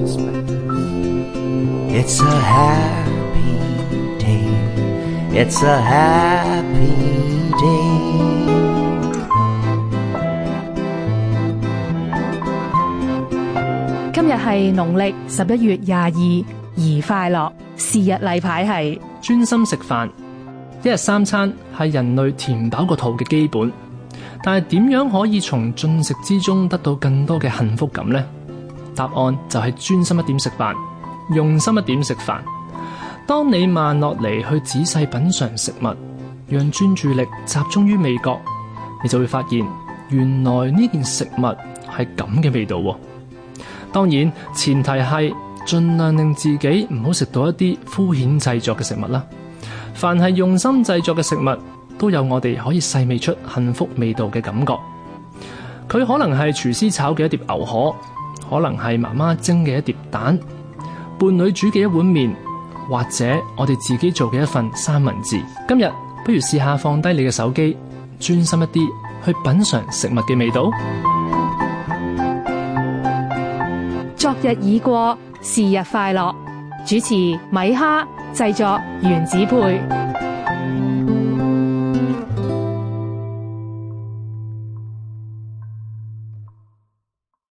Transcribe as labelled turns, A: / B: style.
A: It's a happy day. It's a happy day. 今
B: 日係農曆十一月廿二，宜快樂。是日例牌係
C: 專心食飯。一日三餐係人類填飽個肚嘅基本，但係點樣可以從進食之中得到更多嘅幸福感呢？答案就係專心一點食飯，用心一點食飯。當你慢落嚟去仔細品嘗食物，讓專注力集中於味覺，你就會發現原來呢件食物係咁嘅味道。當然，前提係盡量令自己唔好食到一啲敷衍製作嘅食物啦。凡係用心製作嘅食物，都有我哋可以細味出幸福味道嘅感覺。佢可能係廚師炒嘅一碟牛河。可能係媽媽蒸嘅一碟蛋，伴侶煮嘅一碗麵，或者我哋自己做嘅一份三文治。今日不如試下放低你嘅手機，專心一啲去品嘗食物嘅味道。
B: 昨日已過，是日快樂。主持米哈，製作原子配。